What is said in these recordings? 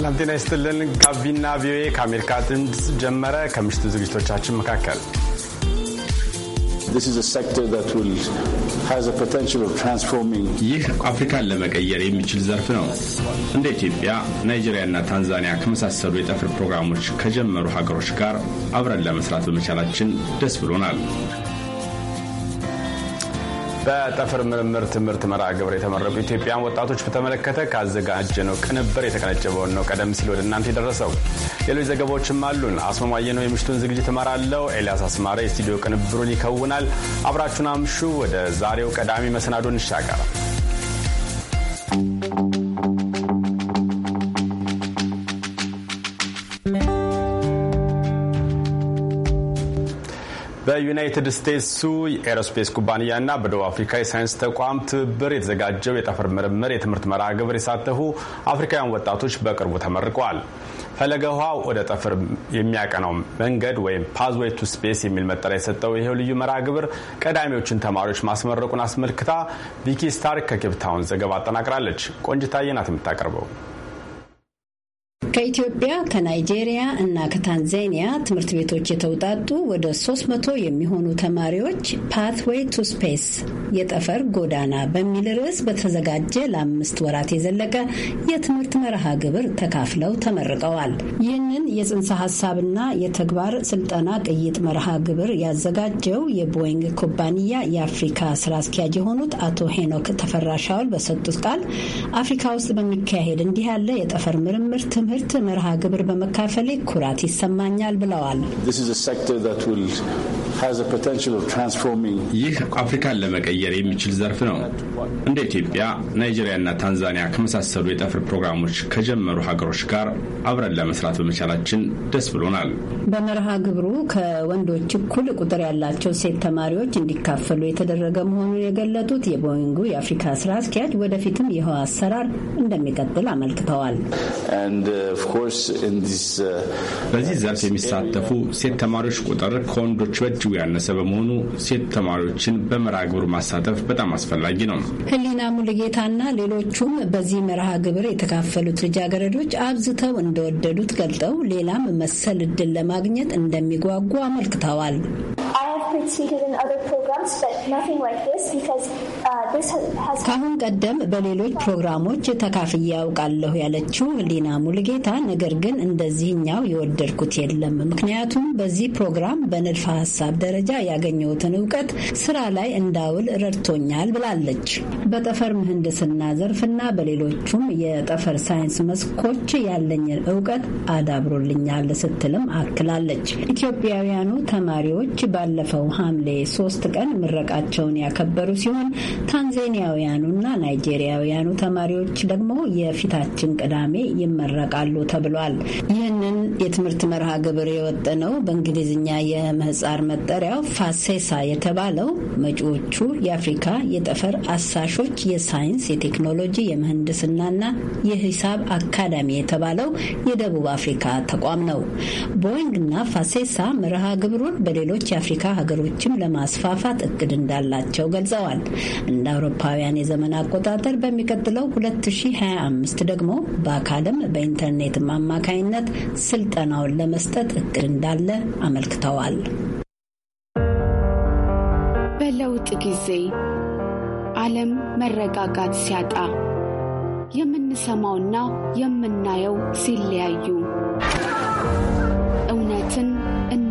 ሰላም ጤና ይስጥልን። ጋቢና ቪኦኤ ከአሜሪካ ድምፅ ጀመረ። ከምሽቱ ዝግጅቶቻችን መካከል ይህ አፍሪካን ለመቀየር የሚችል ዘርፍ ነው። እንደ ኢትዮጵያ፣ ናይጄሪያና ታንዛኒያ ከመሳሰሉ የጠፈር ፕሮግራሞች ከጀመሩ ሀገሮች ጋር አብረን ለመስራት በመቻላችን ደስ ብሎናል። በጠፈር ምርምር ትምህርት መርሃ ግብር የተመረቁ ኢትዮጵያን ወጣቶች በተመለከተ ነው ቅንብር የተቀነጨበውን ነው ቀደም ሲል ወደ እናንተ የደረሰው። ሌሎች ዘገባዎችም አሉን። አስማማየ ነው የምሽቱን ዝግጅት እመራለሁ። ኤልያስ አስማረ የስቱዲዮ ቅንብሩን ይከውናል። አብራችሁን አምሹ። ወደ ዛሬው ቀዳሚ መሰናዶ እንሻገር። በዩናይትድ ስቴትሱ የኤሮስፔስ ኩባንያና በደቡብ አፍሪካ የሳይንስ ተቋም ትብብር የተዘጋጀው የጠፈር ምርምር የትምህርት መርሃ ግብር የሳተፉ አፍሪካውያን ወጣቶች በቅርቡ ተመርቀዋል። ፈለገ ውሃ ወደ ጠፈር የሚያቀናው መንገድ ወይም ፓዝዌይ ቱ ስፔስ የሚል መጠሪያ የሰጠው ይሄው ልዩ መርሃ ግብር ቀዳሚዎቹን ተማሪዎች ማስመረቁን አስመልክታ ቪኪ ስታርክ ከኬፕታውን ዘገባ አጠናቅራለች። ቆንጅታዬ ናት የምታቀርበው። ከኢትዮጵያ ከናይጄሪያ እና ከታንዛኒያ ትምህርት ቤቶች የተውጣጡ ወደ 300 የሚሆኑ ተማሪዎች ፓትዌይ ቱ ስፔስ የጠፈር ጎዳና በሚል ርዕስ በተዘጋጀ ለአምስት ወራት የዘለቀ የትምህርት መርሃ ግብር ተካፍለው ተመርቀዋል። ይህንን የጽንሰ ሀሳብና የተግባር ስልጠና ቅይጥ መርሃ ግብር ያዘጋጀው የቦይንግ ኩባንያ የአፍሪካ ስራ አስኪያጅ የሆኑት አቶ ሄኖክ ተፈራሻውል በሰጡት ቃል አፍሪካ ውስጥ በሚካሄድ እንዲህ ያለ የጠፈር ምርምር ትምህርት ትምህርት መርሃ ግብር በመካፈሌ ኩራት ይሰማኛል ብለዋል። ይህ አፍሪካን ለመቀየር የሚችል ዘርፍ ነው። እንደ ኢትዮጵያ፣ ናይጄሪያና ታንዛኒያ ከመሳሰሉ የጠፍር ፕሮግራሞች ከጀመሩ ሀገሮች ጋር አብረን ለመስራት በመቻላችን ደስ ብሎናል። በመርሃ ግብሩ ከወንዶች እኩል ቁጥር ያላቸው ሴት ተማሪዎች እንዲካፈሉ የተደረገ መሆኑን የገለጡት የቦይንጉ የአፍሪካ ስራ አስኪያጅ ወደፊትም ይኸው አሰራር እንደሚቀጥል አመልክተዋል። uh, uh, በዚህ ዘርፍ የሚሳተፉ ሴት ተማሪዎች ቁጥር ከወንዶች በእጅ ያነሰ በመሆኑ ሴት ተማሪዎችን በመርሃ ግብር ማሳተፍ በጣም አስፈላጊ ነው። ህሊና ሙልጌታና ሌሎቹም በዚህ መርሃ ግብር የተካፈሉት ልጃገረዶች አብዝተው እንደወደዱት ገልጠው ሌላም መሰል እድል ለማግኘት እንደሚጓጉ አመልክተዋል። Uh, ከአሁን ቀደም በሌሎች ፕሮግራሞች ተካፍዬ ያውቃለሁ ያለችው ህሊና ሙልጌታ፣ ነገር ግን እንደዚህኛው የወደድኩት የለም። ምክንያቱም በዚህ ፕሮግራም በንድፈ ሀሳብ ደረጃ ያገኘሁትን እውቀት ስራ ላይ እንዳውል ረድቶኛል ብላለች። በጠፈር ምህንድስና ዘርፍና በሌሎቹም የጠፈር ሳይንስ መስኮች ያለኝን እውቀት አዳብሮልኛል ስትልም አክላለች። ኢትዮጵያውያኑ ተማሪዎች ባለፈው ሐምሌ ሶስት ቀን ምረቃቸውን ያከበሩ ሲሆን ታንዛኒያውያኑና ናይጄሪያውያኑ ተማሪዎች ደግሞ የፊታችን ቅዳሜ ይመረቃሉ ተብሏል። ይህንን የትምህርት መርሃ ግብር የወጠነው በእንግሊዝኛ የምህፃር መጠሪያው ፋሴሳ የተባለው መጪዎቹ የአፍሪካ የጠፈር አሳሾች የሳይንስ፣ የቴክኖሎጂ፣ የምህንድስናና የሂሳብ አካዳሚ የተባለው የደቡብ አፍሪካ ተቋም ነው። ቦይንግና ፋሴሳ መርሃ ግብሩን በሌሎች የአፍሪካ ሀገሮች ሀገሮችም ለማስፋፋት እቅድ እንዳላቸው ገልጸዋል። እንደ አውሮፓውያን የዘመን አቆጣጠር በሚቀጥለው 2025 ደግሞ በአካልም በኢንተርኔትም አማካይነት ስልጠናውን ለመስጠት እቅድ እንዳለ አመልክተዋል። በለውጥ ጊዜ ዓለም መረጋጋት ሲያጣ የምንሰማውና የምናየው ሲለያዩ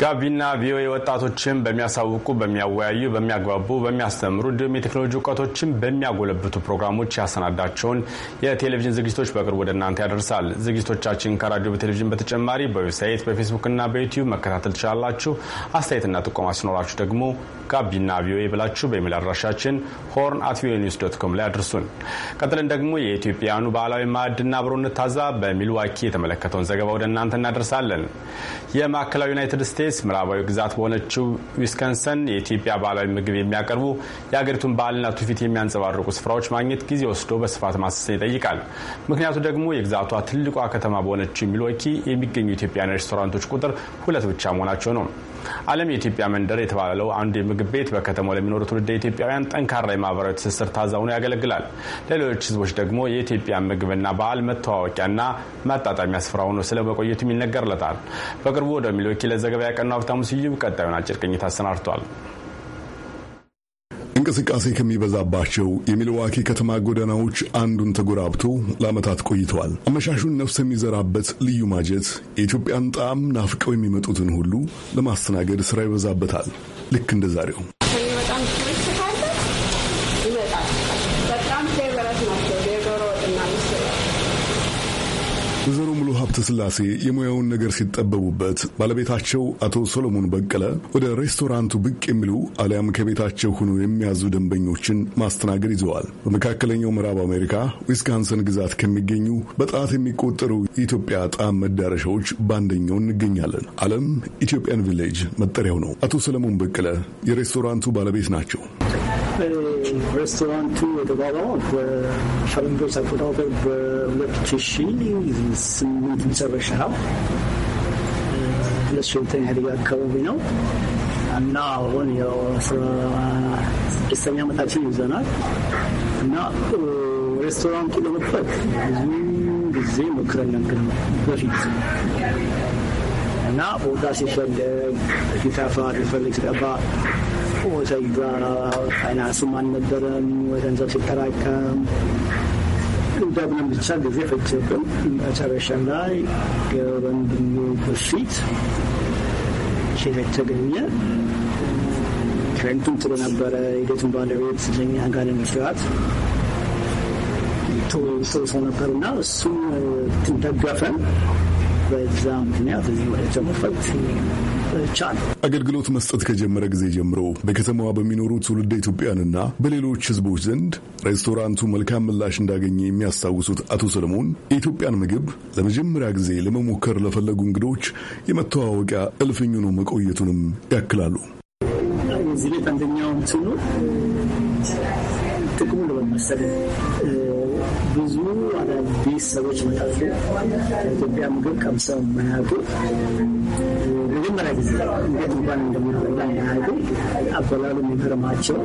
ጋቢና ቪኦኤ ወጣቶችን በሚያሳውቁ፣ በሚያወያዩ፣ በሚያግባቡ፣ በሚያስተምሩ እንዲሁም የቴክኖሎጂ እውቀቶችን በሚያጎለብቱ ፕሮግራሞች ያሰናዳቸውን የቴሌቪዥን ዝግጅቶች በቅርቡ ወደ እናንተ ያደርሳል። ዝግጅቶቻችን ከራዲዮ በቴሌቪዥን በተጨማሪ በዌብሳይት፣ በፌስቡክ ና በዩቲዩብ መከታተል ትችላላችሁ። አስተያየትና ጥቆማ ሲኖራችሁ ደግሞ ጋቢና ቪኦኤ ብላችሁ በኢሜል አድራሻችን ሆርን አት ቪኦኤ ኒውስ ዶት ኮም ላይ አድርሱን። ቀጥለን ደግሞ የኢትዮጵያውያኑ ባህላዊ ማዕድና አብሮነት ታዛ በሚልዋኪ የተመለከተውን ዘገባ ወደ እናንተ እናደርሳለን። የማዕከላዊ ዩናይትድ ስቴትስ ምዕራባዊ ግዛት በሆነችው ዊስከንሰን የኢትዮጵያ ባህላዊ ምግብ የሚያቀርቡ የአገሪቱን ባህልና ትውፊት የሚያንጸባርቁ ስፍራዎች ማግኘት ጊዜ ወስዶ በስፋት ማሰሰን ይጠይቃል። ምክንያቱ ደግሞ የግዛቷ ትልቋ ከተማ በሆነችው ሚልዋኪ የሚገኙ ኢትዮጵያውያን ሬስቶራንቶች ቁጥር ሁለት ብቻ መሆናቸው ነው። ዓለም የኢትዮጵያ መንደር የተባለው አንዱ ምግብ ቤት በከተማው ለሚኖሩ ትውልደ ኢትዮጵያውያን ጠንካራ የማህበራዊ ትስስር ታዛ ሆኖ ያገለግላል። ለሌሎች ህዝቦች ደግሞ የኢትዮጵያ ምግብና ባህል መተዋወቂያና መጣጣሚያ ስፍራ ሆኖ ስለ ይነገርለታል። በቅርቡ ወደ ሚልዋኪ ለዘገባ ያቀናው ሀብታሙ ስዩም ቀጣዩን አጭር ቅኝት አሰናድቷል። እንቅስቃሴ ከሚበዛባቸው የሚልዋኪ ከተማ ጎዳናዎች አንዱን ተጎራብቶ ለዓመታት ቆይተዋል። አመሻሹን ነፍስ የሚዘራበት ልዩ ማጀት የኢትዮጵያን ጣዕም ናፍቀው የሚመጡትን ሁሉ ለማስተናገድ ስራ ይበዛበታል። ልክ እንደ ዛሬው ስላሴ የሙያውን ነገር ሲጠበቡበት ባለቤታቸው አቶ ሰሎሞን በቀለ ወደ ሬስቶራንቱ ብቅ የሚሉ አሊያም ከቤታቸው ሆነው የሚያዙ ደንበኞችን ማስተናገድ ይዘዋል። በመካከለኛው ምዕራብ አሜሪካ ዊስካንሰን ግዛት ከሚገኙ በጣት የሚቆጠሩ የኢትዮጵያ ጣም መዳረሻዎች በአንደኛው እንገኛለን። ዓለም ኢትዮጵያን ቪሌጅ መጠሪያው ነው። አቶ ሰለሞን በቀለ የሬስቶራንቱ ባለቤት ናቸው። ሬስቶራንቱ የተቋቋመው በፈረንጆች አቆጣጠር በሁለት ሺህ ስምንት መጨረሻ ሁለት ሺህ አካባቢ ነው እና አሁን ያው ስድስተኛ ዓመታችን ይዘናል እና ሬስቶራንቱ ለመክፈት ብዙ ጊዜ ሞክረን ነበር በፊት እና ቦታ ሲፈለግ ፊታፋ ሲፈለግ ሲጠፋ ሰውዬው ፋይናንሱም አልነበረም። ወደንዘብ ሲጠራከም እንደምንም ብቻ ጊዜ ፈጀብን። መጨረሻ ላይ የወንድሜ በፊት ሄደች ክሬንቱም ጥሩ ነበረ። የቤቱን ባለቤት ለኛ ጋር ለመስራት ጥሩ ነበር እና እሱም ትንደገፈን በዛ ምክንያት እዚህ መጥቼ አገልግሎት መስጠት ከጀመረ ጊዜ ጀምሮ በከተማዋ በሚኖሩ ትውልደ ኢትዮጵያንና በሌሎች ሕዝቦች ዘንድ ሬስቶራንቱ መልካም ምላሽ እንዳገኘ የሚያስታውሱት አቶ ሰለሞን የኢትዮጵያን ምግብ ለመጀመሪያ ጊዜ ለመሞከር ለፈለጉ እንግዶች የመተዋወቂያ እልፍኙ ነው መቆየቱንም ያክላሉ። ቤት አንደኛው ጥቅሙ ብዙ ይህ ሰዎች መካከል የኢትዮጵያ ምግብ ቀምሰው የማያውቁ መጀመሪያ ጊዜ እንዴት እንኳን እንደሚበላ የማያውቁ አበላሉ የሚገርማቸው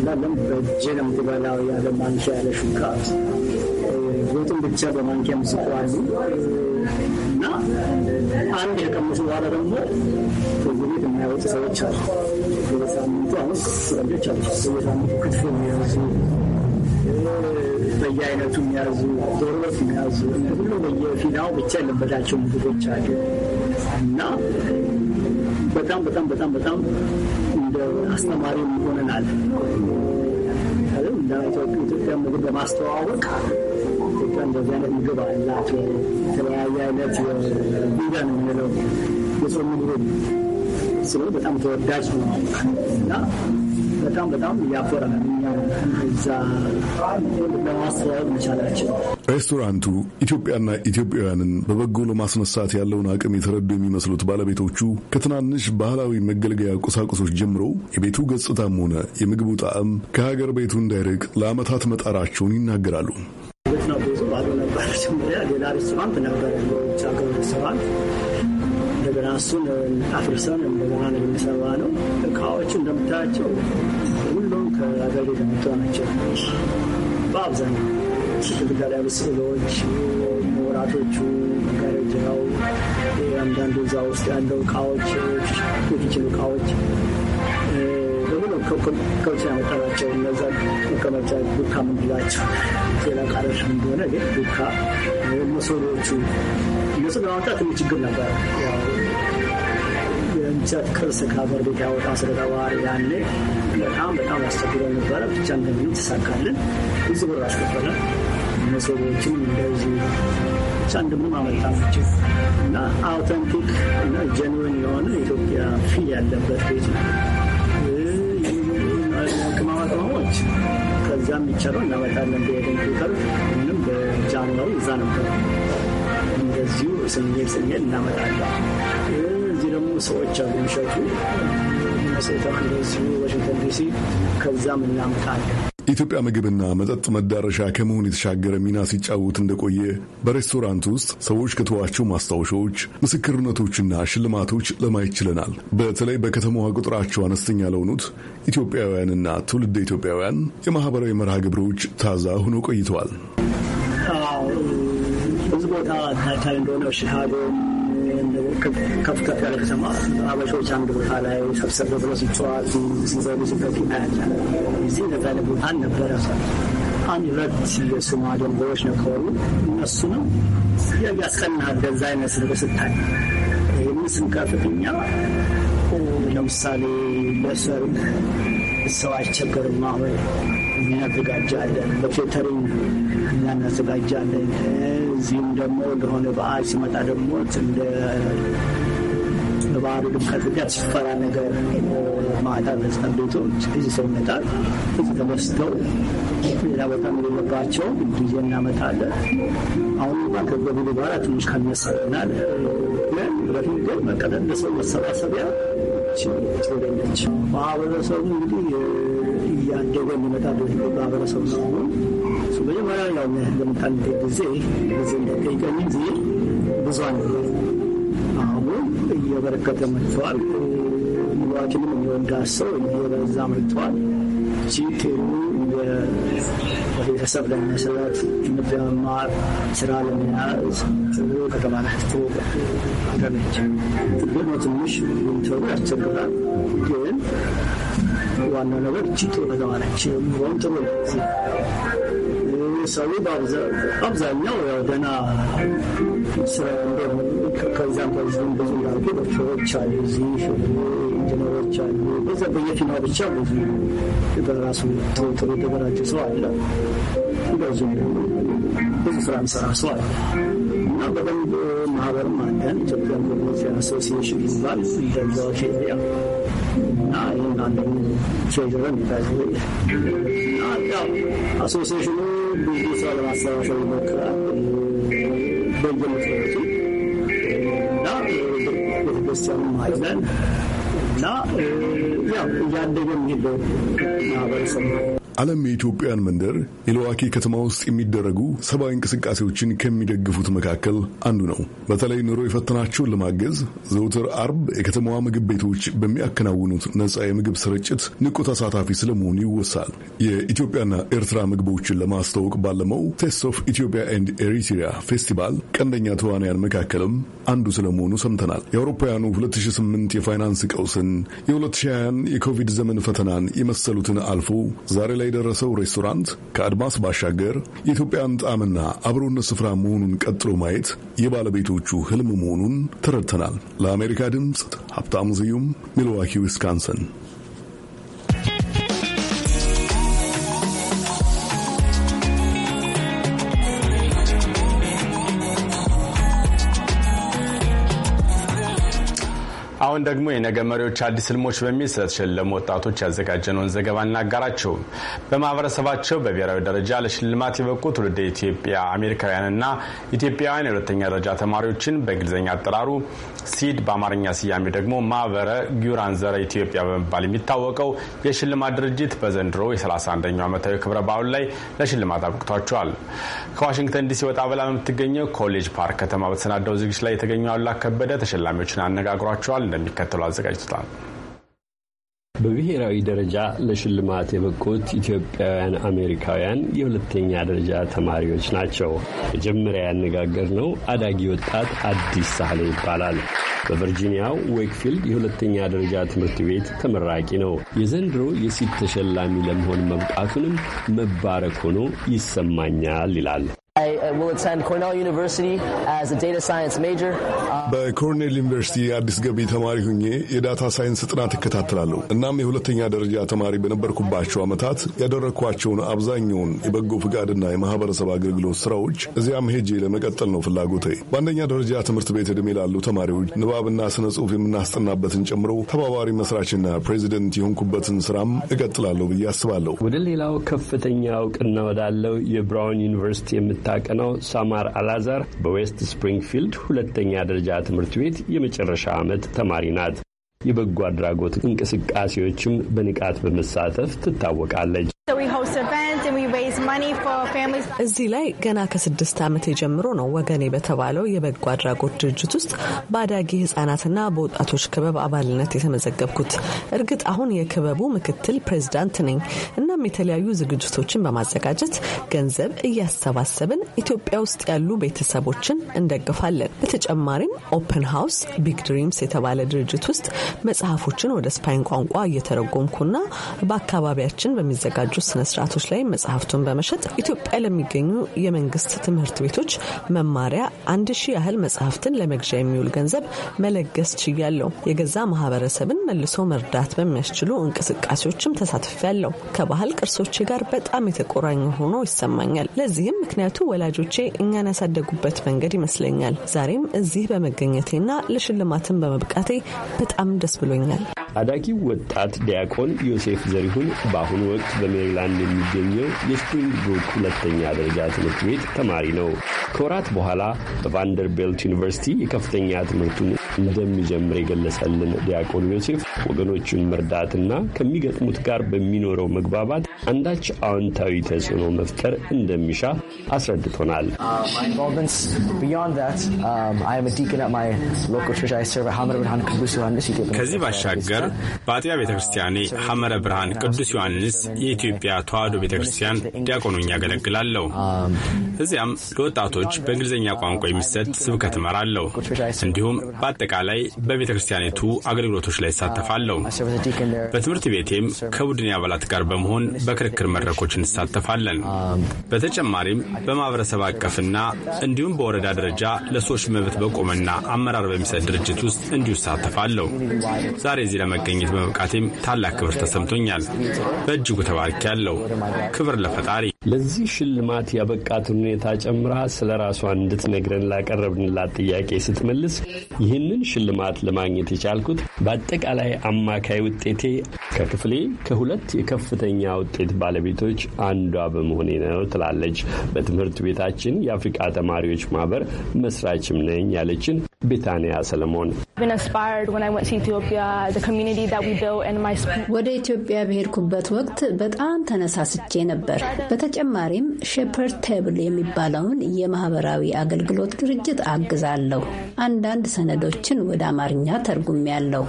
እና በእጄ ነው የምትበላው ያለ ማንኪያ ያለ ሹካ ወጡን ብቻ በማንኪያ ምስቁ አሉ እና አንድ የቀመሱ በኋላ ደግሞ ቤት የሚያወጡ ሰዎች አሉ። በሳምንቱ አሁን ወንዶች አሉ። በሳምንቱ ክትፎ የሚያወጡ በየአይነቱ የሚያዙ ዶሮ የሚያዙ ሁሉ በየፊናው ብቻ የለበዳቸው ምግቦች አሉ እና በጣም በጣም በጣም በጣም እንደ አስተማሪ ሆነናል። ኢትዮጵያ ምግብ ለማስተዋወቅ ኢትዮጵያ እንደዚህ አይነት ምግብ አላት፣ የተለያየ አይነት ቢዳ የምንለው የጾም ምግብ ስለ በጣም ተወዳጅ ነው እና በጣም በጣም ያኮረናል። ሬስቶራንቱ ኢትዮጵያና ኢትዮጵያውያንን በበጎ ለማስነሳት ያለውን አቅም የተረዱ የሚመስሉት ባለቤቶቹ ከትናንሽ ባህላዊ መገልገያ ቁሳቁሶች ጀምሮ የቤቱ ገጽታም ሆነ የምግቡ ጣዕም ከሀገር ቤቱ እንዳይርቅ ለዓመታት መጣራቸውን ይናገራሉ። ሌላ ሬስቶራንት ነበረ ሬስቶራንት እንደገና እሱን አፍርሰን እንደገና ነው የሚሰራ ነው። እቃዎቹ እንደምታያቸው ከሀገር ቤት የመጡ ናቸው። በአብዛኛው ግድግዳ ላይ ያሉ ስዕሎች፣ መብራቶቹ፣ መጋረጃው፣ አንዳንዱ እዛ ውስጥ ያለው እቃዎች፣ የኪችን እቃዎች በሙሉ ከውጭ ያመጣናቸው እነዛ መቀመጫ ዱካ ምንላቸው ሌላ ቃረሽ እንደሆነ ግን ዱካ መሶቦቹ እነሱ ለማምጣት ትንሽ ችግር ነበር። ቅርጽ ከሀገር ቤት ያወጣ ስለ ተባሪ ያኔ በጣም በጣም ያስቸግረው ነበረ። ብቻ እንደምን ትሳካለን። ብዙ ብር አስከፈለ። መሶቦችም እንደዚህ ብቻ እንደምን ናቸው እና አውተንቲክ እና ጀንዊን የሆነ ኢትዮጵያ ፊል ያለበት ቤት ነው። ቅመማ ቅመሞች ከዛ የሚቸረው እናመጣለን። ብሄድን ቁጥር ምንም በጃንዋሪ እዛ ነበር እንደዚሁ ስንሄድ ስንሄድ እናመጣለን እዚህ ደግሞ ሰዎች አሉ የሚሸጡ ዋሽንግተን ዲሲ ከዛም እናምጣለን። ኢትዮጵያ ምግብና መጠጥ መዳረሻ ከመሆን የተሻገረ ሚና ሲጫወት እንደቆየ በሬስቶራንት ውስጥ ሰዎች ከተዋቸው ማስታወሻዎች፣ ምስክርነቶችና ሽልማቶች ለማየት ችለናል። በተለይ በከተማዋ ቁጥራቸው አነስተኛ ለሆኑት ኢትዮጵያውያንና ትውልደ ኢትዮጵያውያን የማህበራዊ መርሃ ግብሮች ታዛ ሆኖ ቆይተዋል። ብዙ ቦታ ታይታይ እንደሆነ ከፍ ከፍ ያለ ከተማ አበሾች አንድ ቦታ ላይ ሰብሰብ ብሎ ሲጫዋቱ ሲዘሉ ሲጠጡ እናያለን። እዚህ እንደዛ ያለ ቦታ ነበረ አንድ ሁለት የሶማሌ ደንበሮች ነበሩ። እነሱንም ያስቀና ገዛ አይነት ነገር ስታይ ይህን ስንከፍትኛ ለምሳሌ ለሰርግ ሰው አይቸገርም። አሁን እናዘጋጃለን፣ በኬተሪንግ እናዘጋጃለን እዚህም ደግሞ ለሆነ በዓል ሲመጣ ደግሞ እንደ በባህሉ ድምቀት ምክንያት ሲፈራ ነገር ማዕታ ቤቱ እዚህ ሰው ይመጣል። እዚህ ተመስተው ሌላ ቦታ የሌለባቸው ጊዜ እናመጣለን። አሁን ማ በኋላ ትንሽ ከሚያሳናል ግን በፊት ግን መቀጠል ለሰው መሰባሰቢያ ትወደለች። ማህበረሰቡ እንግዲህ እያደገ የሚመጣ ማህበረሰብ ነው አሁን መጀመሪያ ያው እንደምታንድ ጊዜ ጊዜ እንደጠይቀኝ ጊዜ ብዙ አልነበረ። አሁን እየበረከተ መጥተዋል። ዋኪንም የሚወዳ ሰው እየበዛ መጥተዋል። ሲቴሉ የቤተሰብ ለመሰረት ትምህርት ለመማር ስራ ለመያዝ ከተማላቶ አደረች። ግን ትንሽ ንተሩ ያስቸግራል ግን ዋናው ነገር እቺ ጥሩ ከተማለች ሆን ጥሩ ጊዜ solid observano da una surrounded, for example, from the people of Church, Chinese, General Chinese, there's a big thing of Chinese, there are some totally different as well. There's ብዙ ስራ ምሰራ ሰው አለ እና በደንብ ማህበርም አለን ኢትዮጵያ ጎብሎች አሶሲሽን ይባል እንደዛው ፌሪያ እና ይህን አንደኝ ፌደረን ይታዝ association ስራ ለማሰባሰብ ይሞክራል በየምክንያቱ እና ቤተክርስቲያን ማይዘን እና ያው እያደገ የሚሄደው ማህበረሰብ ነው። ዓለም የኢትዮጵያን መንደር የለዋኪ ከተማ ውስጥ የሚደረጉ ሰብአዊ እንቅስቃሴዎችን ከሚደግፉት መካከል አንዱ ነው። በተለይ ኑሮ የፈተናቸውን ለማገዝ ዘውትር አርብ የከተማዋ ምግብ ቤቶች በሚያከናውኑት ነፃ የምግብ ስርጭት ንቁ ተሳታፊ ስለመሆኑ ይወሳል። የኢትዮጵያና ኤርትራ ምግቦችን ለማስተዋወቅ ባለመው ቴስት ኦፍ ኢትዮጵያ ኤንድ ኤሪትሪያ ፌስቲቫል ቀንደኛ ተዋንያን መካከልም አንዱ ስለመሆኑ ሰምተናል። የአውሮፓውያኑ 2008 የፋይናንስ ቀውስን፣ የ2020 የኮቪድ ዘመን ፈተናን የመሰሉትን አልፎ ዛሬ ላይ ላይ የደረሰው ሬስቶራንት ከአድማስ ባሻገር የኢትዮጵያን ጣዕምና አብሮነት ስፍራ መሆኑን ቀጥሎ ማየት የባለቤቶቹ ህልም መሆኑን ተረድተናል። ለአሜሪካ ድምፅ ሀብታሙ ስዩም ሚልዋኪ ዊስካንሰን አሁን ደግሞ የነገ መሪዎች አዲስ ህልሞች በሚል ስለተሸለሙ ወጣቶች ያዘጋጀነውን ዘገባ እናጋራቸው። በማህበረሰባቸው በብሔራዊ ደረጃ ለሽልማት የበቁ ትውልደ ኢትዮጵያ አሜሪካውያንና ኢትዮጵያውያን የሁለተኛ ደረጃ ተማሪዎችን በእንግሊዝኛ አጠራሩ ሲድ በአማርኛ ስያሜ ደግሞ ማህበረ ጊራን ዘረ ኢትዮጵያ በመባል የሚታወቀው የሽልማት ድርጅት በዘንድሮ የ31ኛው ዓመታዊ ክብረ በዓሉ ላይ ለሽልማት አብቅቷቸዋል። ከዋሽንግተን ዲሲ ወጣ ብላ በምትገኘው ኮሌጅ ፓርክ ከተማ በተሰናዳው ዝግጅት ላይ የተገኘው አላ ከበደ ተሸላሚዎችን አነጋግሯቸዋል። እንደሚከተሉ አዘጋጅቷል። በብሔራዊ ደረጃ ለሽልማት የበቁት ኢትዮጵያውያን አሜሪካውያን የሁለተኛ ደረጃ ተማሪዎች ናቸው። መጀመሪያ ያነጋገር ነው። አዳጊ ወጣት አዲስ ሳህሌ ይባላል። በቨርጂኒያው ዌክፊልድ የሁለተኛ ደረጃ ትምህርት ቤት ተመራቂ ነው። የዘንድሮ የሲት ተሸላሚ ለመሆን መብቃቱንም መባረክ ሆኖ ይሰማኛል ይላል። በኮርኔል ዩኒቨርሲቲ አዲስ ገቢ ተማሪ ሁኜ የዳታ ሳይንስ ጥናት እከታተላለሁ። እናም የሁለተኛ ደረጃ ተማሪ በነበርኩባቸው ዓመታት ያደረግኳቸውን አብዛኛውን የበጎ ፍቃድና የማህበረሰብ አገልግሎት ስራዎች እዚያም ሄጄ ለመቀጠል ነው ፍላጎቴ። በአንደኛ ደረጃ ትምህርት ቤት ዕድሜ ላሉ ተማሪዎች ንባብና ስነ ጽሁፍ የምናስጠናበትን ጨምሮ ተባባሪ መስራችና ፕሬዚደንት የሆንኩበትን ስራም እቀጥላለሁ ብዬ አስባለሁ። ወደ ሌላው ከፍተኛ እውቅና ወዳለው የብራውን ዩኒቨርሲቲ የምታቀ የሚያጠናው ሳማር አላዛር በዌስት ስፕሪንግፊልድ ሁለተኛ ደረጃ ትምህርት ቤት የመጨረሻ ዓመት ተማሪ ናት። የበጎ አድራጎት እንቅስቃሴዎችም በንቃት በመሳተፍ ትታወቃለች። እዚህ ላይ ገና ከስድስት ዓመት ጀምሮ ነው ወገኔ በተባለው የበጎ አድራጎት ድርጅት ውስጥ በአዳጊ ህጻናትና በወጣቶች ክበብ አባልነት የተመዘገብኩት። እርግጥ አሁን የክበቡ ምክትል ፕሬዚዳንት ነኝ። እናም የተለያዩ ዝግጅቶችን በማዘጋጀት ገንዘብ እያሰባሰብን ኢትዮጵያ ውስጥ ያሉ ቤተሰቦችን እንደግፋለን። በተጨማሪም ኦፕን ሃውስ ቢግ ድሪምስ የተባለ ድርጅት ውስጥ መጽሐፎችን ወደ ስፓይን ቋንቋ እየተረጎምኩና በአካባቢያችን በሚዘጋጁ ስነስርዓቶች ላይ መጽሐፍቱን በመ በማሸጥ ኢትዮጵያ ለሚገኙ የመንግስት ትምህርት ቤቶች መማሪያ አንድ ሺህ ያህል መጽሐፍትን ለመግዣ የሚውል ገንዘብ መለገስ ችያለሁ። የገዛ ማህበረሰብን መልሶ መርዳት በሚያስችሉ እንቅስቃሴዎችም ተሳትፌያለሁ። ከባህል ቅርሶቼ ጋር በጣም የተቆራኘ ሆኖ ይሰማኛል። ለዚህም ምክንያቱ ወላጆቼ እኛን ያሳደጉበት መንገድ ይመስለኛል። ዛሬም እዚህ በመገኘቴና ለሽልማትን በመብቃቴ በጣም ደስ ብሎኛል። አዳጊው ወጣት ዲያቆን ዮሴፍ ዘሪሁን በአሁኑ ወቅት በሜሪላንድ የሚገኘው የስፕሪንግ ብሩክ ሁለተኛ ደረጃ ትምህርት ቤት ተማሪ ነው። ከወራት በኋላ በቫንደርቤልት ዩኒቨርሲቲ የከፍተኛ ትምህርቱን እንደሚጀምር የገለጸልን ዲያቆን ዮሴፍ ወገኖቹን መርዳትና ከሚገጥሙት ጋር በሚኖረው መግባባት አንዳች አዎንታዊ ተጽዕኖ መፍጠር እንደሚሻ አስረድቶናል። uh, um, ከዚህ ባሻገር በአጥቢያ ቤተ ክርስቲያኔ ሐመረ ብርሃን uh, ቅዱስ ዮሐንስ የኢትዮጵያ ተዋሕዶ ቤተ ክርስቲያን ዲያቆኑኝ ያገለግላለሁ። um, እዚያም ለወጣቶች በእንግሊዝኛ ቋንቋ የሚሰጥ ስብከት እመራለሁ። እንዲሁም በአጠ በአጠቃላይ በቤተ ክርስቲያኒቱ አገልግሎቶች ላይ ይሳተፋለሁ። በትምህርት ቤቴም ከቡድን አባላት ጋር በመሆን በክርክር መድረኮች እንሳተፋለን። በተጨማሪም በማህበረሰብ አቀፍና እንዲሁም በወረዳ ደረጃ ለሰዎች መብት በቆመና አመራር በሚሰጥ ድርጅት ውስጥ እንዲሁ ይሳተፋለሁ። ዛሬ እዚህ ለመገኘት በመብቃቴም ታላቅ ክብር ተሰምቶኛል። በእጅጉ ተባርኪያለሁ። ክብር ለፈጣሪ። ለዚህ ሽልማት ያበቃትን ሁኔታ ጨምራ ስለ ራሷ እንድትነግረን ላቀረብንላት ጥያቄ ስትመልስ ይህን ክፍል ሽልማት ለማግኘት የቻልኩት በአጠቃላይ አማካይ ውጤቴ ከክፍሌ ከሁለት የከፍተኛ ውጤት ባለቤቶች አንዷ በመሆኔ ነው ትላለች። በትምህርት ቤታችን የአፍሪቃ ተማሪዎች ማህበር መስራችም ነኝ ያለችን ቢታንያ ሰለሞን ወደ ኢትዮጵያ በሄድኩበት ወቅት በጣም ተነሳስቼ ነበር። በተጨማሪም ሼፐርድ ቴብል የሚባለውን የማህበራዊ አገልግሎት ድርጅት አግዛለሁ። አንዳንድ ሰነዶችን ወደ አማርኛ ተርጉሜያለሁ።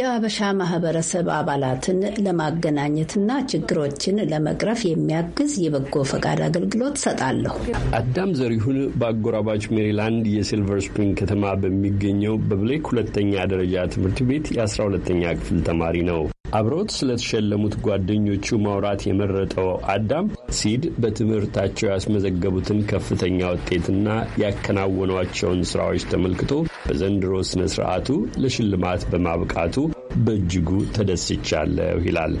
የአበሻ ማህበረሰብ አባላትን ለማገናኘትና ችግሮችን ለመቅረፍ የሚያግዝ የበጎ ፈቃድ አገልግሎት ሰጣለሁ። አዳም ዘሪሁን በአጎራባች ሜሪላንድ የሲልቨር ስፕሪንግ ከተማ በሚ የሚገኘው በብሌክ ሁለተኛ ደረጃ ትምህርት ቤት የአስራ ሁለተኛ ክፍል ተማሪ ነው። አብረውት ስለተሸለሙት ጓደኞቹ ማውራት የመረጠው አዳም ሲድ በትምህርታቸው ያስመዘገቡትን ከፍተኛ ውጤትና ያከናወኗቸውን ስራዎች ተመልክቶ በዘንድሮ ስነ ስርዓቱ ለሽልማት በማብቃቱ በእጅጉ ተደስቻለሁ ይላል።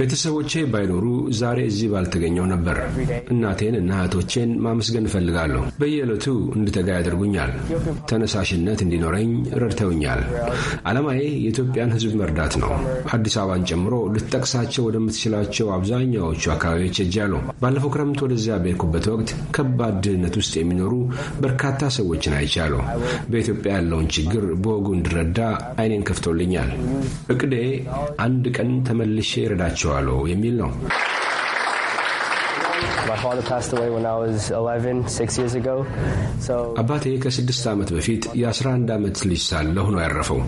ቤተሰቦቼ ባይኖሩ ዛሬ እዚህ ባልተገኘው ነበር። እናቴን እና እህቶቼን ማመስገን እፈልጋለሁ። በየዕለቱ እንድተጋ ያደርጉኛል፣ ተነሳሽነት እንዲኖረኝ ረድተውኛል። ዓላማዬ የኢትዮጵያን ሕዝብ መርዳት ነው። አዲስ አበባን ጨምሮ ልትጠቅሳቸው ወደምትችላቸው አብዛኛዎቹ አካባቢዎች ሄጃለሁ። ባለፈው ክረምት ወደዚያ በሄድኩበት ወቅት ከባድ ድህነት ውስጥ የሚኖሩ በርካታ ሰዎችን አይቻለሁ። በኢትዮጵያ ያለውን ችግር በወጉ እንድረዳ አይኔን ከፍቶልኛል። እቅዴ አንድ ቀን ተመልሼ ይረዳቸዋለሁ የሚል ነው። አባቴ ከስድስት ዓመት በፊት የ11 ዓመት ልጅ ሳለሁ ነው ያረፈው።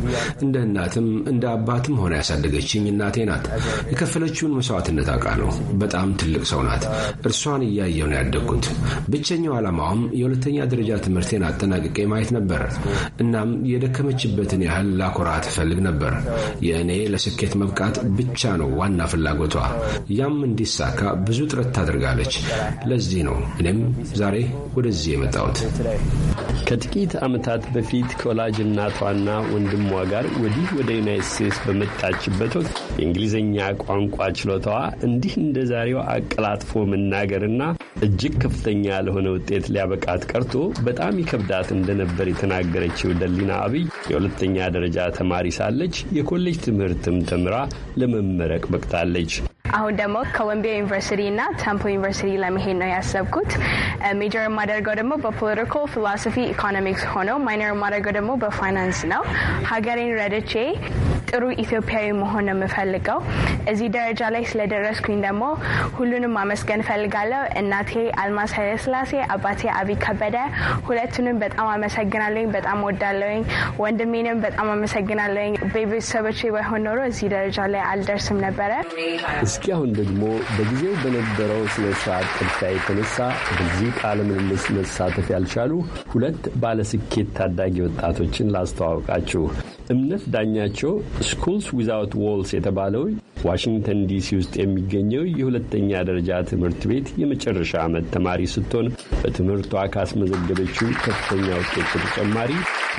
እንደ እናትም እንደ አባትም ሆነ ያሳደገችኝ እናቴ ናት። የከፈለችውን መስዋዕትነት አውቃለሁ። በጣም ትልቅ ሰው ናት። እርሷን እያየሁ ነው ያደግኩት። ብቸኛው ዓላማውም የሁለተኛ ደረጃ ትምህርቴን አጠናቅቄ ማየት ነበር። እናም የደከመችበትን ያህል ላኮራ ትፈልግ ነበር። የእኔ ለስኬት መብቃት ብቻ ነው ዋና ፍላጎቷ። ያም እንዲሳካ ብዙ ጥረት ታደርጋለች። ለዚህ ነው እኔም ዛሬ ወደዚህ የመጣሁት። ከጥቂት ዓመታት በፊት ከወላጅ እናቷና ወንድሟ ጋር ወዲህ ወደ ዩናይት ስቴትስ በመጣችበት ወቅት የእንግሊዝኛ ቋንቋ ችሎታዋ እንዲህ እንደ ዛሬው አቀላጥፎ መናገርና እጅግ ከፍተኛ ለሆነ ውጤት ሊያበቃት ቀርቶ በጣም ይከብዳት እንደነበር የተናገረችው ደሊና አብይ የሁለተኛ ደረጃ ተማሪ ሳለች የኮሌጅ ትምህርትም ተምራ ለመመረቅ በቅታለች። አሁን ደግሞ ኮሎምቢያ ዩኒቨርሲቲ እና ተምፕል ዩኒቨርሲቲ ለመሄድ ነው ያሰብኩት። ሜጀር የማደርገው ደግሞ በፖለቲካል ፊሎሶፊ ኢኮኖሚክስ ሆነው ማይነር የማደርገው ደግሞ በፋይናንስ ነው። ሀገሬን ረድቼ ጥሩ ኢትዮጵያዊ መሆን የምፈልገው። እዚህ ደረጃ ላይ ስለደረስኩኝ ደግሞ ሁሉንም ማመስገን እፈልጋለሁ። እናቴ አልማዝ ኃይለስላሴ፣ አባቴ አብይ ከበደ፣ ሁለቱንም በጣም አመሰግናለኝ። በጣም ወዳለኝ። ወንድሜንም በጣም አመሰግናለኝ። ቤተሰቦቼ ባይሆን ኖሮ እዚህ ደረጃ ላይ አልደርስም ነበረ። እስኪ አሁን ደግሞ በጊዜው በነበረው ስነ ስርዓት ቅርታ የተነሳ በዚህ ቃለ ምልልስ መሳተፍ ያልቻሉ ሁለት ባለስኬት ታዳጊ ወጣቶችን ላስተዋወቃችሁ። እምነት ዳኛቸው ስኩልስ ዊዛውት ዎልስ የተባለው ዋሽንግተን ዲሲ ውስጥ የሚገኘው የሁለተኛ ደረጃ ትምህርት ቤት የመጨረሻ ዓመት ተማሪ ስትሆን በትምህርቷ ካስመዘገበችው ከፍተኛ ውጤት በተጨማሪ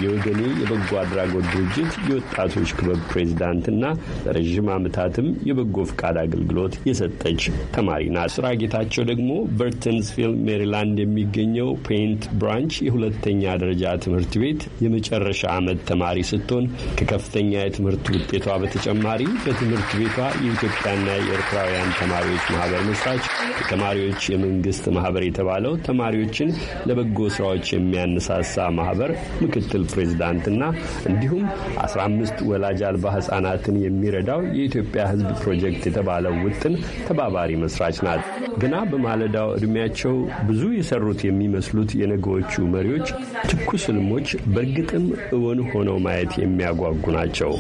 የወገኔ የበጎ አድራጎት ድርጅት የወጣቶች ክበብ ፕሬዚዳንትና ለረዥም ዓመታትም የበጎ ፈቃድ አገልግሎት የሰጠች ተማሪ ናት። ስራ ጌታቸው ደግሞ በርተንስቪል ሜሪላንድ የሚገኘው ፔንት ብራንች የሁለተኛ ደረጃ ትምህርት ቤት የመጨረሻ ዓመት ተማሪ ስትሆን ከከፍተኛ የትምህርት ውጤቷ በተጨማሪ በትምህርት ቤቷ የኢትዮጵያና የኤርትራውያን ተማሪዎች ማህበር መስራች፣ የተማሪዎች የመንግስት ማህበር የተባለው ተማሪዎችን ለበጎ ስራዎች የሚያነሳሳ ማህበር ምክትል ፕሬዚዳንትና እንዲሁም 15 ወላጅ አልባ ህጻናትን የሚረዳው የኢትዮጵያ ህዝብ ፕሮጀክት የተባለው ውጥን ተባባሪ መስራች ናት። ገና በማለዳው እድሜያቸው ብዙ የሰሩት የሚመስሉት የነገዎቹ መሪዎች ትኩስ ህልሞች በእርግ በእርግጥም እውን ሆነው ማየት የሚያጓጉ ናቸው።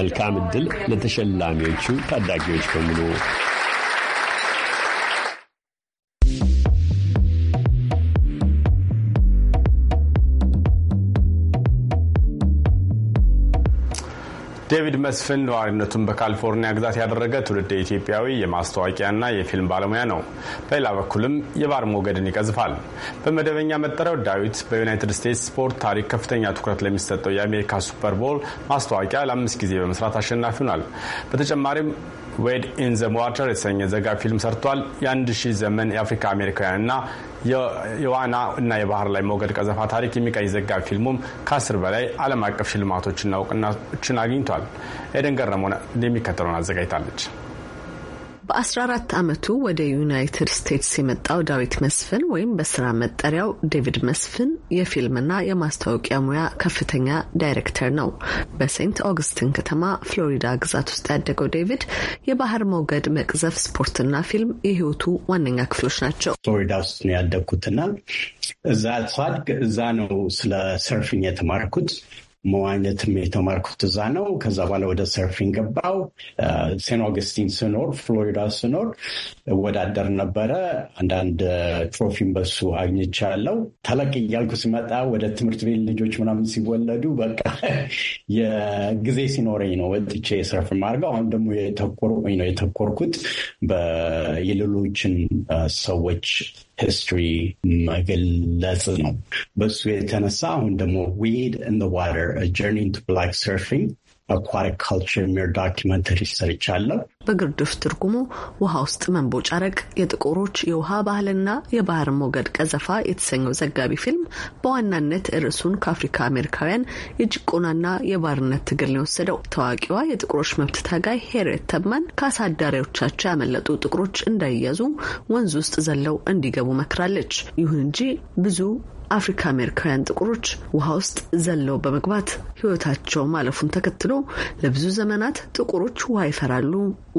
መልካም እድል ለተሸላሚዎቹ ታዳጊዎች በሙሉ። ዴቪድ መስፍን ነዋሪነቱን በካሊፎርኒያ ግዛት ያደረገ ትውልድ ኢትዮጵያዊ የማስታወቂያና የፊልም ባለሙያ ነው። በሌላ በኩልም የባር ሞገድን ይቀዝፋል። በመደበኛ መጠሪያው ዳዊት በዩናይትድ ስቴትስ ስፖርት ታሪክ ከፍተኛ ትኩረት ለሚሰጠው የአሜሪካ ሱፐር ቦል ማስታወቂያ ለአምስት ጊዜ በመስራት አሸናፊ ሆኗል። በተጨማሪም ዌድ ኢን ዘ ዋተር የተሰኘ ዘጋቢ ፊልም ሰርቷል። የአንድ ሺህ ዘመን የአፍሪካ አሜሪካውያንና የዋና እና የባህር ላይ ሞገድ ቀዘፋ ታሪክ የሚቀኝ ዘጋቢ ፊልሙም ከአስር በላይ ዓለም አቀፍ ሽልማቶችና እውቅናዎችን አግኝቷል። ኤደን ገረመ እንደሚከተለውን አዘጋጅታለች። በ14 ዓመቱ ወደ ዩናይትድ ስቴትስ የመጣው ዳዊት መስፍን ወይም በስራ መጠሪያው ዴቪድ መስፍን የፊልምና የማስታወቂያ ሙያ ከፍተኛ ዳይሬክተር ነው። በሴንት ኦግስትን ከተማ ፍሎሪዳ ግዛት ውስጥ ያደገው ዴቪድ የባህር ሞገድ መቅዘፍ ስፖርትና ፊልም የህይወቱ ዋነኛ ክፍሎች ናቸው። ፍሎሪዳ ውስጥ ነው ያደግኩትና እዛ እዛ ነው ስለ ሰርፍኝ የተማርኩት መዋኘትም የተማርኩት እዛ ነው። ከዛ በኋላ ወደ ሰርፊን ገባው። ሴን ኦገስቲን ስኖር፣ ፍሎሪዳ ስኖር እወዳደር ነበረ። አንዳንድ ትሮፊም በሱ አግኝቻለሁ። ተለቅ እያልኩ ሲመጣ ወደ ትምህርት ቤት ልጆች ምናምን ሲወለዱ በቃ የጊዜ ሲኖረኝ ነው ወጥቼ ሰርፍ ማድረገው። አሁን ደግሞ የተኮርኩት በሌሎችን ሰዎች ሂስትሪ መግለጽ ነው። በሱ የተነሳ አሁን ደግሞ ዊድ ኢን ዘ ዋተር ጆርኒ ኢንቱ ብላክ ሰርፊንግ አኳሪክ ካልቸር የሚር ዶኪመንተሪ ሰርቻለሁ። በግርድፍ ትርጉሙ ውሃ ውስጥ መንቦጫረቅ የጥቁሮች የውሃ ባህልና የባህር ሞገድ ቀዘፋ የተሰኘው ዘጋቢ ፊልም በዋናነት ርዕሱን ከአፍሪካ አሜሪካውያን የጭቆናና የባርነት ትግል ነው የወሰደው። ታዋቂዋ የጥቁሮች መብት ታጋይ ሄሬት ተብማን ከአሳዳሪዎቻቸው ያመለጡ ጥቁሮች እንዳይያዙ ወንዝ ውስጥ ዘለው እንዲገቡ መክራለች። ይሁን እንጂ ብዙ አፍሪካ አሜሪካውያን ጥቁሮች ውሃ ውስጥ ዘለው በመግባት ሕይወታቸው ማለፉን ተከትሎ ለብዙ ዘመናት ጥቁሮች ውሃ ይፈራሉ፣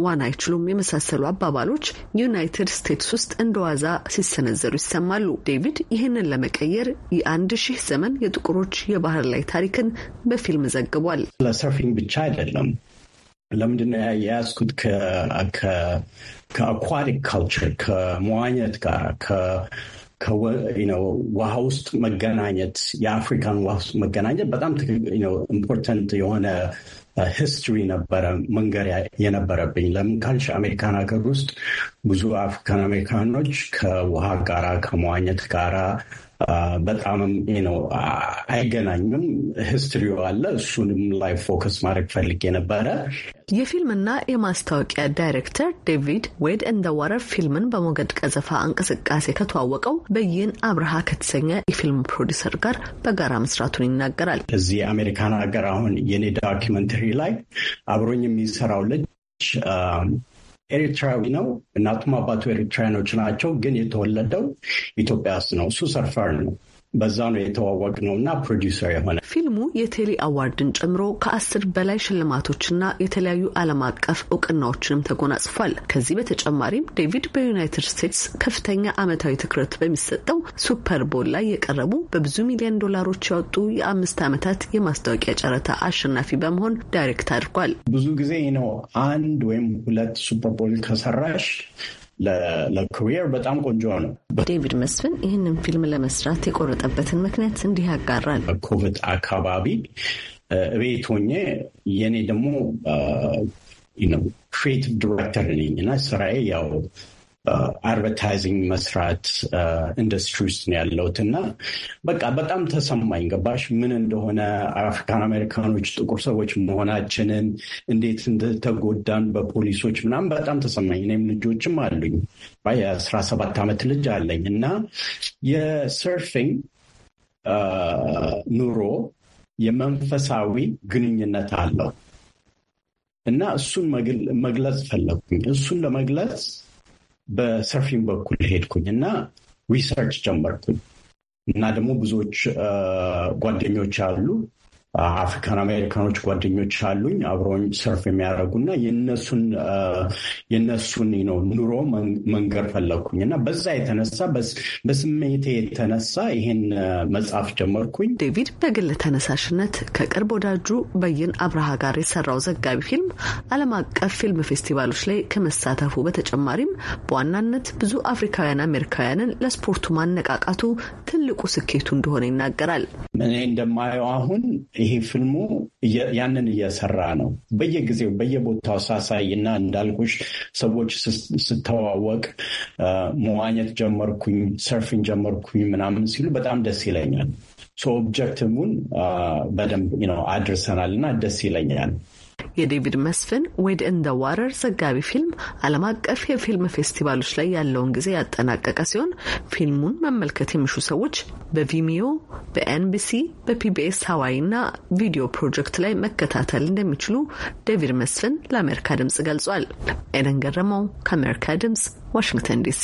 ዋና አይችሉም የመሳሰሉ አባባሎች ዩናይትድ ስቴትስ ውስጥ እንደ ዋዛ ሲሰነዘሩ ይሰማሉ። ዴቪድ ይህንን ለመቀየር የአንድ ሺህ ዘመን የጥቁሮች የባህር ላይ ታሪክን በፊልም ዘግቧል። ለሰርፊንግ ብቻ አይደለም። ለምንድን የያዝኩት? ከአኳቲክ ካልቸር ከመዋኘት ጋር ውሃ ውስጥ መገናኘት የአፍሪካን ውሃ ውስጥ መገናኘት በጣም ኢምፖርተንት የሆነ ሂስትሪ uh, ነበረ መንገድ የነበረብኝ። ለምን ካልሽ አሜሪካን ሀገር ውስጥ ብዙ አፍሪካን አሜሪካኖች ከውሃ ጋራ ከመዋኘት ጋራ በጣምም ነው አይገናኙም። ሂስትሪ አለ። እሱንም ላይ ፎከስ ማድረግ ፈልጌ ነበረ። የፊልምና የማስታወቂያ ዳይሬክተር ዴቪድ ዌድ እንደ ፊልምን በሞገድ ቀዘፋ እንቅስቃሴ ከተዋወቀው በይን አብርሃ ከተሰኘ የፊልም ፕሮዲሰር ጋር በጋራ መስራቱን ይናገራል። እዚህ የአሜሪካን ሀገር አሁን የኔ ዳኪመንተሪ ላይ አብሮኝ የሚሰራው ልጅ ኤሪትራዊ ነው። እናቱም አባቱ ኤሪትራያኖች ናቸው። ግን የተወለደው ኢትዮጵያ ውስጥ ነው። እሱ ሰርፈር ነው። በዛ ነው የተዋወቅ ነው እና ፕሮዲውሰር የሆነ ፊልሙ የቴሌ አዋርድን ጨምሮ ከአስር በላይ ሽልማቶችና የተለያዩ ዓለም አቀፍ እውቅናዎችንም ተጎናጽፏል። ከዚህ በተጨማሪም ዴቪድ በዩናይትድ ስቴትስ ከፍተኛ ዓመታዊ ትኩረት በሚሰጠው ሱፐር ቦል ላይ የቀረቡ በብዙ ሚሊዮን ዶላሮች ያወጡ የአምስት ዓመታት የማስታወቂያ ጨረታ አሸናፊ በመሆን ዳይሬክት አድርጓል። ብዙ ጊዜ ነው አንድ ወይም ሁለት ሱፐር ቦል ከሰራሽ ለኮሪየር በጣም ቆንጆ ነው። ዴቪድ መስፍን ይህንን ፊልም ለመስራት የቆረጠበትን ምክንያት እንዲህ ያጋራል። በኮቪድ አካባቢ እቤት ሆኜ የእኔ ደግሞ ክሬቲቭ ዲሬክተር ነኝ እና ስራዬ ያው አድቨርታይዚንግ uh, መስራት ኢንዱስትሪ uh, ውስጥ ነው ያለሁት እና በቃ በጣም ተሰማኝ። ገባሽ ምን እንደሆነ አፍሪካን አሜሪካኖች ጥቁር ሰዎች መሆናችንን እንዴት እንደተጎዳን በፖሊሶች ምናምን በጣም ተሰማኝ። እኔም ልጆችም አሉኝ የአስራ ሰባት ዓመት ልጅ አለኝ እና የሰርፊንግ uh, ኑሮ የመንፈሳዊ ግንኙነት አለው እና እሱን መግለጽ ፈለጉኝ። እሱን ለመግለጽ በሰርፊንግ በኩል ሄድኩኝ እና ሪሰርች ጀመርኩኝ እና ደግሞ ብዙዎች ጓደኞች አሉ አፍሪካን አሜሪካኖች ጓደኞች አሉኝ አብረውኝ ሰርፍ የሚያደርጉና የነሱን የነሱን ነው ኑሮ መንገድ ፈለግኩኝ እና በዛ የተነሳ በስሜቴ የተነሳ ይሄን መጽሐፍ ጀመርኩኝ። ዴቪድ በግል ተነሳሽነት ከቅርብ ወዳጁ በይን አብርሃ ጋር የሰራው ዘጋቢ ፊልም ዓለም አቀፍ ፊልም ፌስቲቫሎች ላይ ከመሳተፉ በተጨማሪም በዋናነት ብዙ አፍሪካውያን አሜሪካውያንን ለስፖርቱ ማነቃቃቱ ትልቁ ስኬቱ እንደሆነ ይናገራል። እኔ እንደማየው አሁን ይሄ ፊልሙ ያንን እየሰራ ነው። በየጊዜው በየቦታው ሳሳይ እና እንዳልኩሽ ሰዎች ስተዋወቅ መዋኘት ጀመርኩኝ፣ ሰርፊን ጀመርኩኝ ምናምን ሲሉ በጣም ደስ ይለኛል። ሶ ኦብጀክቲቭን በደንብ አድርሰናል እና ደስ ይለኛል። የዴቪድ መስፍን ዌድ እንደ ዋረር ዘጋቢ ፊልም ዓለም አቀፍ የፊልም ፌስቲቫሎች ላይ ያለውን ጊዜ ያጠናቀቀ ሲሆን ፊልሙን መመልከት የሚሹ ሰዎች በቪሚዮ፣ በኤንቢሲ፣ በፒቢኤስ ሀዋይ እና ቪዲዮ ፕሮጀክት ላይ መከታተል እንደሚችሉ ዴቪድ መስፍን ለአሜሪካ ድምጽ ገልጿል። ኤደን ገረመው ከአሜሪካ ድምጽ ዋሽንግተን ዲሲ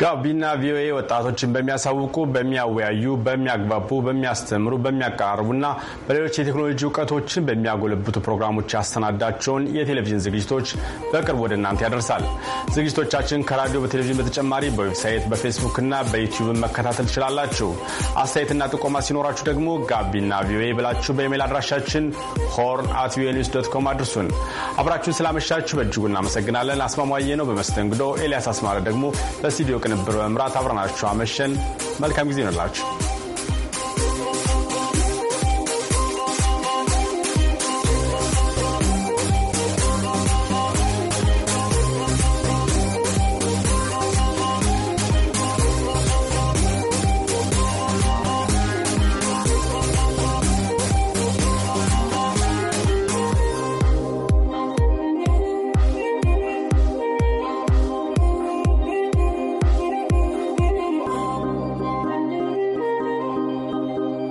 ጋቢና ቪኦኤ ወጣቶችን በሚያሳውቁ፣ በሚያወያዩ፣ በሚያግባቡ፣ በሚያስተምሩ፣ በሚያቀራርቡና በሌሎች የቴክኖሎጂ እውቀቶችን በሚያጎለብቱ ፕሮግራሞች ያሰናዳቸውን የቴሌቪዥን ዝግጅቶች በቅርብ ወደ እናንተ ያደርሳል። ዝግጅቶቻችን ከራዲዮ በቴሌቪዥን በተጨማሪ በዌብሳይት በፌስቡክና በዩቲዩብ መከታተል ትችላላችሁ። አስተያየትና ጥቆማ ሲኖራችሁ ደግሞ ጋቢና ቪኦኤ ብላችሁ በኢሜይል አድራሻችን ሆርን አት ቪኦኤ ኒውስ ዶት ኮም አድርሱን። አብራችሁን ስላመሻችሁ በእጅጉ እናመሰግናለን። አስማማየ ነው በመስተንግዶ ኤልያስ አስማረ ደግሞ በስቱዲዮ ቅንብር በመምራት አብረናችሁ አመሸን። መልካም ጊዜ ይሆንላችሁ።